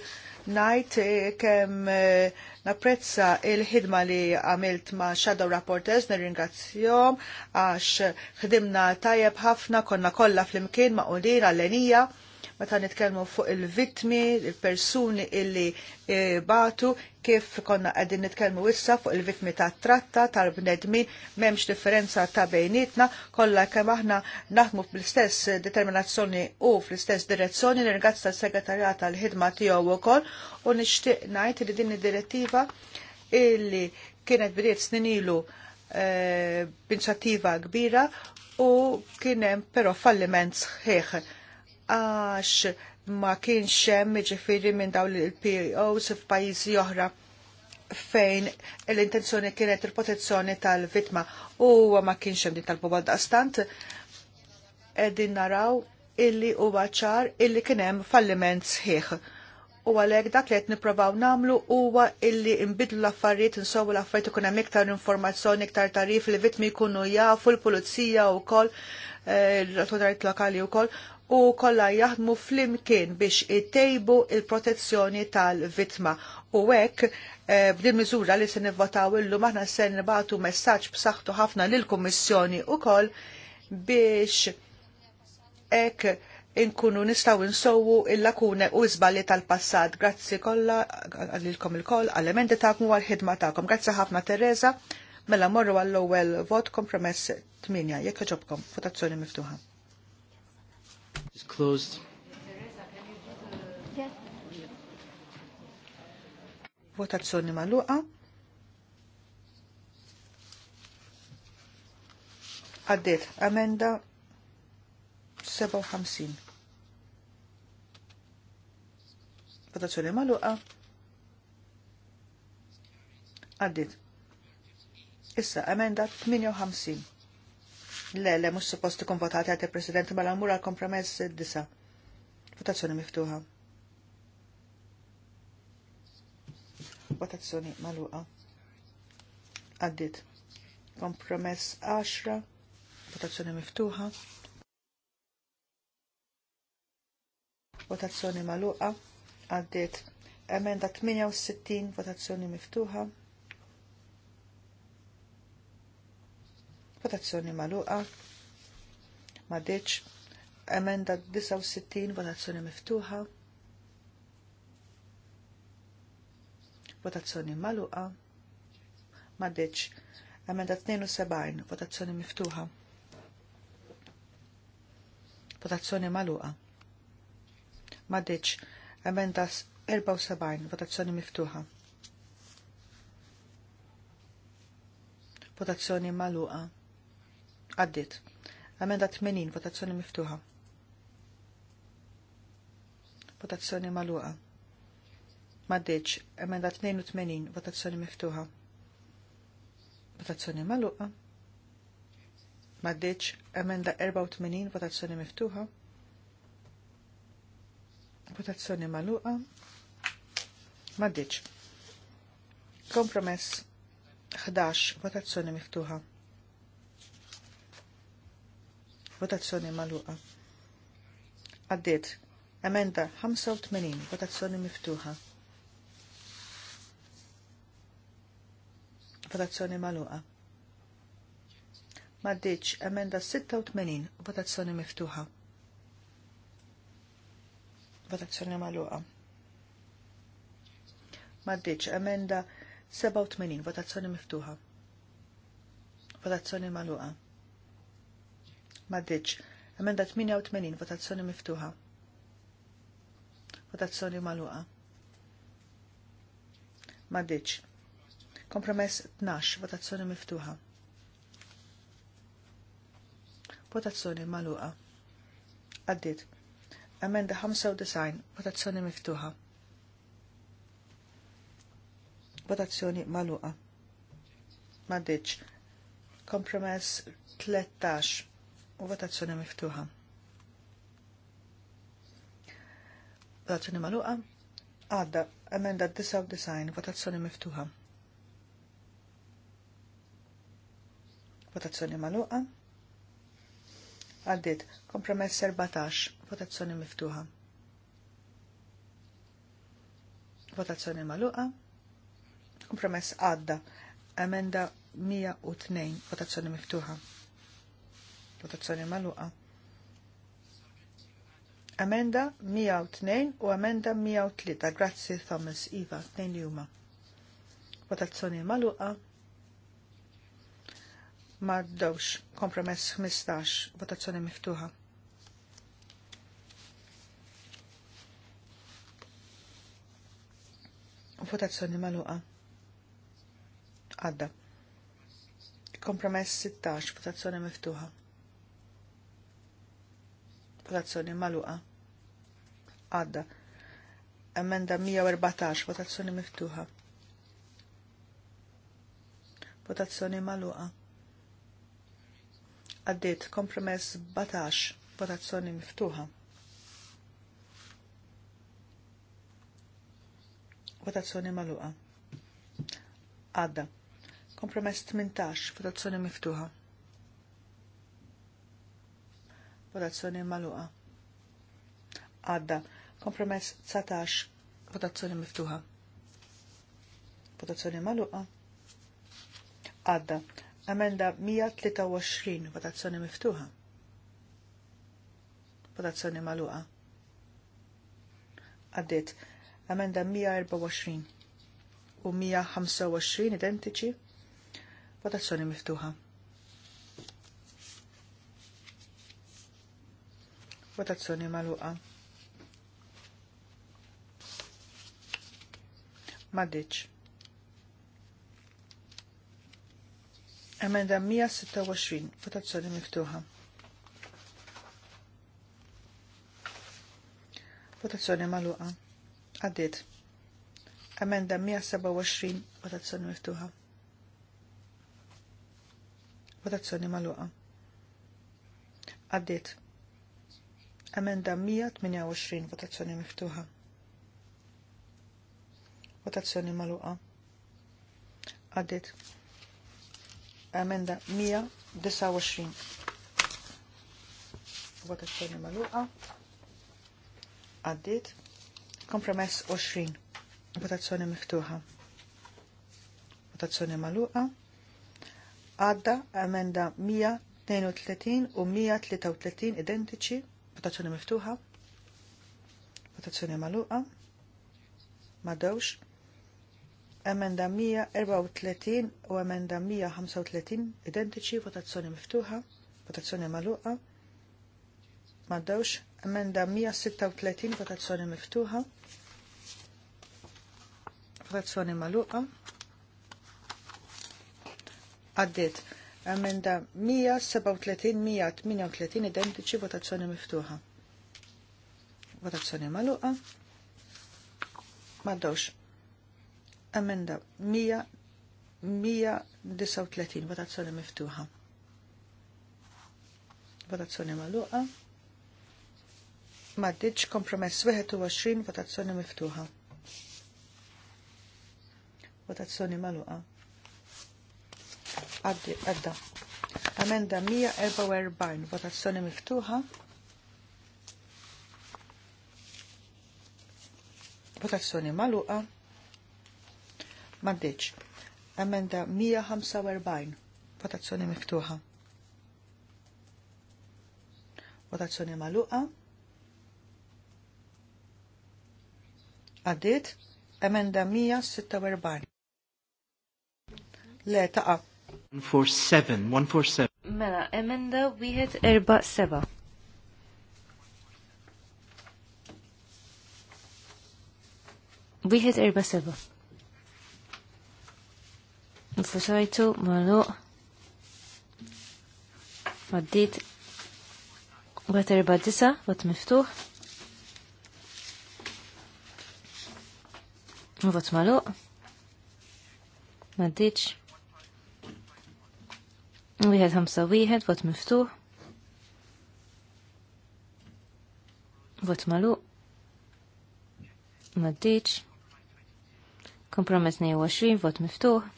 [SPEAKER 3] najt eh, kem eh, napprezza il-ħidma li għamilt ma' Shadow Rapporters, nirringrazzjom għax ħdimna tajjeb ħafna, konna kollha flimkien ma' Udin l enija meta nitkellmu fuq il-vittmi, il-persuni illi e, batu, kif konna qegħdin nitkellmu issa fuq il-vittmi ta' tratta, tal-bnedmin, m'hemmx differenza ta' bejnietna, kollha kemm aħna naħdmu fl-istess determinazzjoni u fl-istess direzzjoni, nirgazz tas-segretarjat tal-ħidma tiegħu wkoll u nixtieq ngħid li din id-direttiva illi kienet bdiet sninilu ilu e, b'inċattiva kbira u kienem pero falliment sħiħ għax ma kienx hemm ġifiri minn dawn il-POs f'pajjiżi oħra fejn l-intenzjoni kienet il-protezzjoni tal-vitma u ma kienx hemm din tal-boba daqstant qegħdin naraw illi huwa ċar illi kien hemm falliment sħiħ u għalek dak li għet niprofaw namlu huwa illi imbidlu l-affarijiet insowu l-affarijiet ikun hemm iktar informazzjoni, iktar tarif li vitmi jkunu jafu l-pulizija u kol, eh, l-autoritajiet lokali u kol, u kollha jaħdmu flimkien biex itejbu il-protezzjoni tal-vitma. U hekk eh, b'din miżura li se nivvotaw illum aħna se nibagħtu messaġġ b'saħħtu ħafna lill-Kummissjoni ukoll biex hekk inkunu nistaw insowu il-lakune u zballi tal-passat. Grazzi kolla għalilkom il-koll, għall-emendi ta'kom u għal-ħidma ta'kom. Grazzi ħafna Teresa, mela morru għall-ewwel vot kompromess 8, jekk ġobkom, votazzjoni miftuħa closed. Votazzjoni maluqa. Għaddit, amenda 57. Votazzjoni maluqa. Għaddit. Issa, amenda 58 le, le, mux suppost kun votati għati president ma mela l-għamur għal-kompromess disa. Votazzjoni miftuħa. Votazzjoni maluqa. Għaddit. Kompromess 10. Votazzjoni miftuħa. Votazzjoni maluqa. Għaddit. Emenda 68. Votazzjoni miftuħa. votazzjoni maluqa, maddiċ, emenda 69, votazzjoni miftuħa, votazzjoni maluqa, maddiċ, emenda 72, votazzjoni miftuħa, votazzjoni maluqa, maddiċ, emenda 74, votazzjoni miftuħa. Votazzjoni maluqa Għaddit. Amenda 80, votazzjoni miftuħa. Votazzjoni maluqa. Maddiċ, emenda 82, votazzjoni miftuħa. Votazzjoni maluqa. Maddiċ, emenda 84, votazzjoni miftuħa. Votazzjoni maluqa. Maddiċ. Kompromess 11, votazzjoni miftuħa votazzjoni maluqa. Għaddit, emenda 85, votazzjoni miftuħa. Votazzjoni maluqa. Maddiċ, emenda 86, votazzjoni miftuħa. Votazzjoni maluqa. Maddiċ, emenda 87, votazzjoni miftuħa. Votazzjoni maluqa maddiċ. Emenda 88, votazzjoni miftuħa. Votazzjoni maluqa. Maddiċ. Kompromess 12, votazzjoni miftuħa. Votazzjoni maluqa. Għaddit. Emenda 95, votazzjoni miftuħa. Votazzjoni maluqa. Maddiċ. Kompromess 13, u votazzjoni miftuħa. Votazzjoni maluqa. Għadda, emenda 99, votazzjoni miftuħa. Votazzjoni maluqa. Għaddit, kompromess 14, votazzjoni miftuħa. Votazzjoni maluqa. Kompromess għadda, emenda 102, votazzjoni miftuħa votazzjoni maluqa. Amenda 102 u amenda 103, grazzi Thomas Iva, tnejn li huma. Votazzjoni maluqa. Maddawx, kompromess 15, votazzjoni miftuħa. Votazzjoni maluqa. Għadda. Kompromess 16, votazzjoni miftuħa votazzjoni maluqa. Għadda. Emenda 114, votazzjoni miftuħa. Votazzjoni maluqa. Għaddit, kompromess 17, votazzjoni miftuħa. Votazzjoni maluqa. Għadda. Kompromess 18, votazzjoni miftuħa. votazzjoni maluqa. Għadda, kompromess 19, votazzjoni miftuħa. Votazzjoni maluqa. Għadda, emenda 123, votazzjoni miftuħa. Votazzjoni maluqa. Għaddit, emenda 124 u 125 identiċi, votazzjoni miftuħa. Votazzjoni maluqa. Maddiċ. Emenda 126. Votazzjoni miftuħa. Votazzjoni maluqa. Għaddit. Emenda 127. Votazzjoni miftuħa. Votazzjoni maluqa. Għaddit. Emenda 128 votazzjoni miftuħa. Votazzjoni maluqa. Għaddit. Emenda 129. Votazzjoni maluqa. Għaddit. Kompromess 20. Votazzjoni miftuħa. Votazzjoni maluqa. Għadda emenda 132 u 133 identiċi patazzjoni miftuħa. patazzjoni maluqa. Madawx. Emenda 134 u emenda 135 identiċi. Votazzjoni miftuħa. Votazzjoni maluqa. Madawx. Emenda 136 votazzjoni miftuħa. Votazzjoni maluqa. Għaddit. Amenda 137-138 identiċi votazzjoni miftuħa. Votazzjoni maluqa. Maddawx. Amenda 139 votazzjoni miftuħa. Votazzjoni maluqa. Maddiċ kompromess 21 votazzjoni miftuħa. Votazzjoni maluqa għadda. Amenda 144, votazzjoni miftuħa. Votazzjoni maluqa. Maddiċ. Amenda 145, votazzjoni miftuħa. Votazzjoni maluqa. Għaddit. Emenda 146. Le, taqa.
[SPEAKER 1] 147,
[SPEAKER 3] Mela, emenda wieħed erba'
[SPEAKER 1] seba'. Wieħed erba' seba'. Nfusajtu maluq. Maddit. Wieħed erba' disa, vot miftuħ. Vot maluq. Maddiċ. Wieħed ħamsa wieħed, vot miftuħ. Vot maluq. Maddiċ. Kompromess 22, vot miftuħ.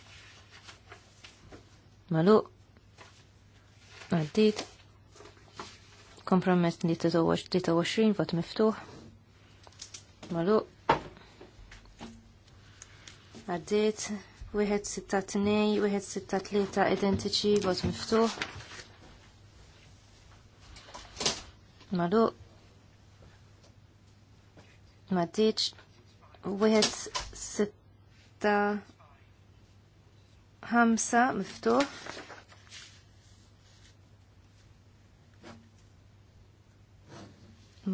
[SPEAKER 1] Maluq. Għaddit. Kompromess 23, vot miftuħ. Maluq. Għaddit wieħed sitta tnej, wieħed sitta tlieta identiċi, vot miftuħ. Madu. Madiċ. Wieħed sitta ħamsa miftuħ.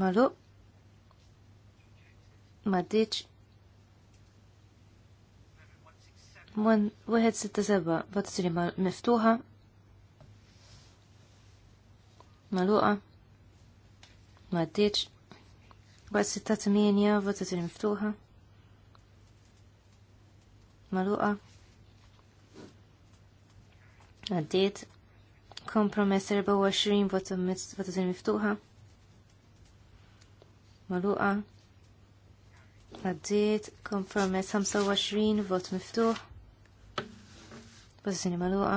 [SPEAKER 1] Madu. Madiċ. 167 votazzjoni miftuħa maluqa ma ddiċ 168 votazzjoni miftuħa maluqa għaddiet kompromess 24 votazzjoni miftuħa maluqa għaddiet kompromess 25 vot miftuħ Pozizjoni maluqa.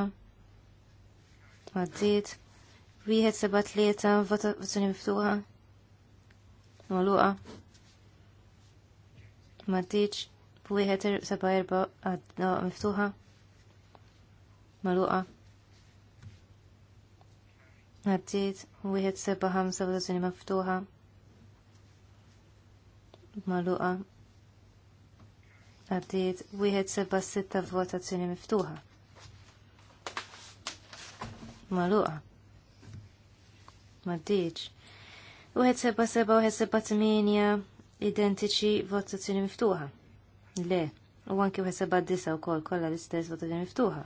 [SPEAKER 1] Għaddit. Wieħed seba' tlieta votazzjoni miftuħa. Maluqa. Maddiċ. Wieħed er-, seba' erba' miftuħa. Maluqa. Għaddit. Wieħed seba' ħamsa votazzjoni miftuħa. Maluqa Għaddit, wieħed seba' sitta votazzjoni miftuħa maluqa. Maddiċ. U għed seba seba u għed seba t-minja identiċi votazzjoni miftuħa. Le, u għanki u għed seba disa u kol kolla l-istess votazzjoni miftuħa.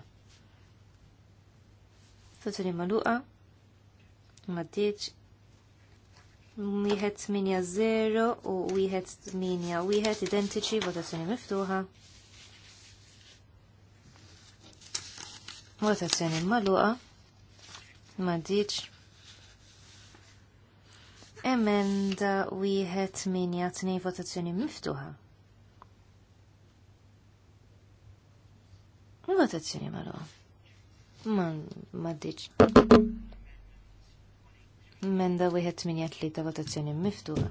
[SPEAKER 1] Votazzjoni maluqa. Maddiċ. Wieħed minja 0 u wieħed minja 1 identiċi votazzjoni miftuħa. Votazzjoni maluqa ma diċ. Emenda wieħed minja tnej votazzjoni miftuħa. Votazzjoni marwa. Ma, ma diċ. Emenda wieħed minja tlita votazzjoni miftuħa.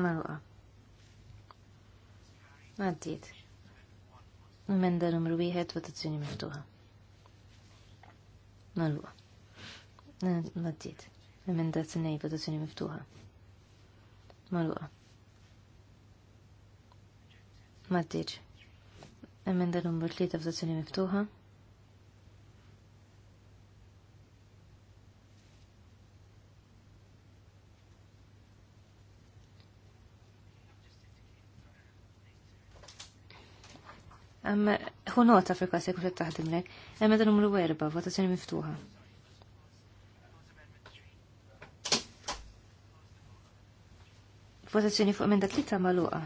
[SPEAKER 1] Marwa. Għaddit. Emenda numru wieħed votazzjoni miftuħa. Nalwa. Maddiet. t-nej votazzjoni miftuħa. Malwa. Maddiet. Emenda numru 3, votazzjoni miftuħa. Amma, hu nota fil kas jekk taħdim lek, Amma dan numru erba, votazzjoni miftuħa. Votazzjoni fuq emenda tlita maluqa.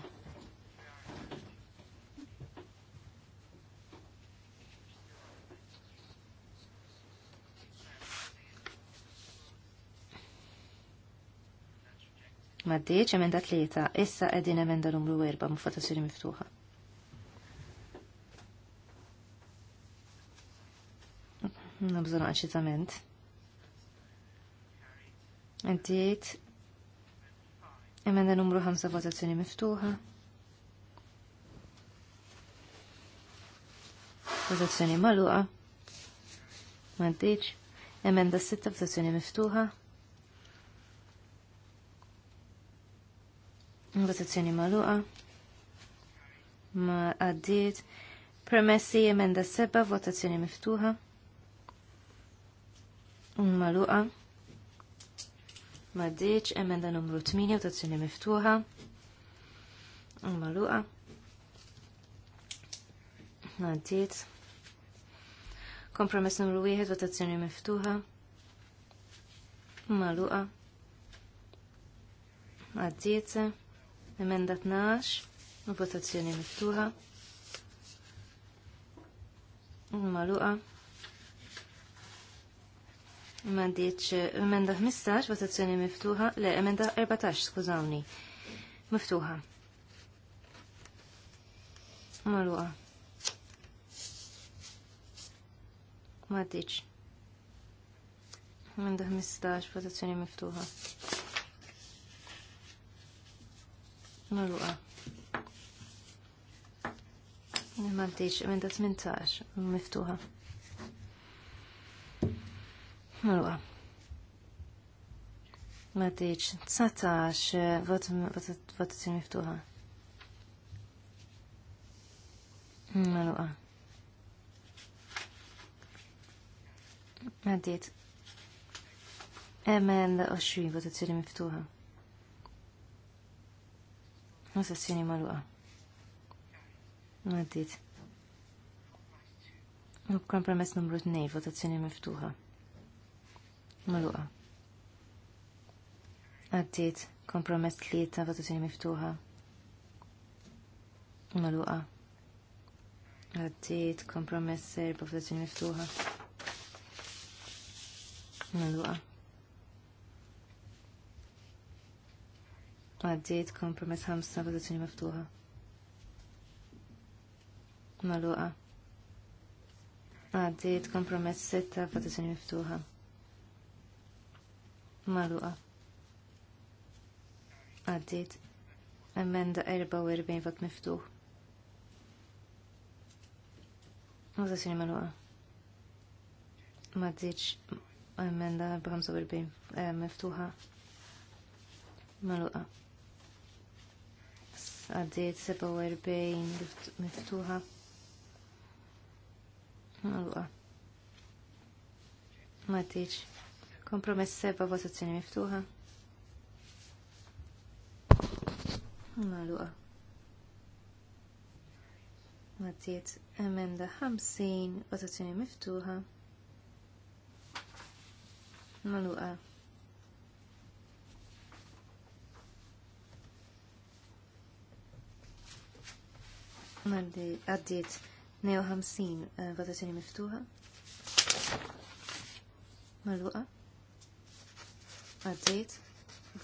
[SPEAKER 1] Maddiċ emenda tlieta, issa edin emenda numru 4 mu votazzjoni miftuħa. Nabżon għanċitament. Għaddiet. Emenda numru 5 votazzjoni miftuħa. Votazzjoni maluqa. Maddiċ. Emenda 6 votazzjoni miftuħa. Votazzjoni maluqa. Ma għaddiet. Premessi emenda 7 votazzjoni miftuħa. Umma Maluqa. Maddiċ, emenda numru 8, votazzjoni miftuħa. Umma Maluqa. Maddiċ. Kompromess numru 1, votazzjoni miftuħa. Um, maluqa. Maddiċ. Emenda 12, votazzjoni miftuħa. Um, maluqa. Maluqa. Mandiċ, emenda 15, votazzjoni miftuħa, le, emenda 14, skużawni, miftuħa. Maluqa. Mandiċ. Emenda 15, votazzjoni miftuħa. Maluqa. Mandiċ, emenda 18, miftuħa. Malwa. Ma tiċ, 19 votazzjoni miftuħa. Ma mela. Għaddiet. Emen Vatat votazzjoni miftuħa. Ma malwa. Nuk Kompromess numru 2 votazzjoni miftuħa. Maluqa. Għaddit. Kompromess tlieta votazzjoni miftuħa. Maluqa. Għaddit. Kompromess serba votazzjoni miftuħa. Maluqa. Għaddit kompromess ħamsa votazzjoni miftuħa. Maluqa. Għaddit kompromess sitta votazzjoni miftuħa. Maluqa. Għaddit. Emmenda 44 vot miftuħ. Votazzjoni maluqa. Maddiċ Emmenda 45 eh, miftuħa. Maluqa. Għaddit 47 miftuħa. Maluqa. Maddiċ Kompromess seba votazzjoni miftuħa. Maluqa. Mattiet emenda 50 votazzjoni miftuħa. Maluqa. Għaddiet 52 eh, votazzjoni miftuħa. Maluqa. Għaddejt.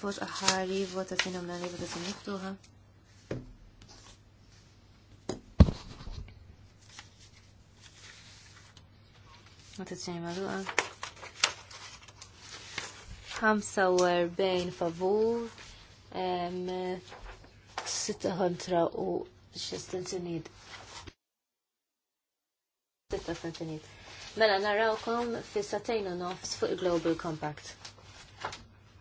[SPEAKER 1] Vot aħari, votazzjoni nominali, votazzjoni miftuħa. Votazzjoni magħluqa. 45 favur, 6 kontra u 6 sentinijiet. 6 sentinijiet. Mela narawkom fi satajn u nofs fuq il-Global Compact.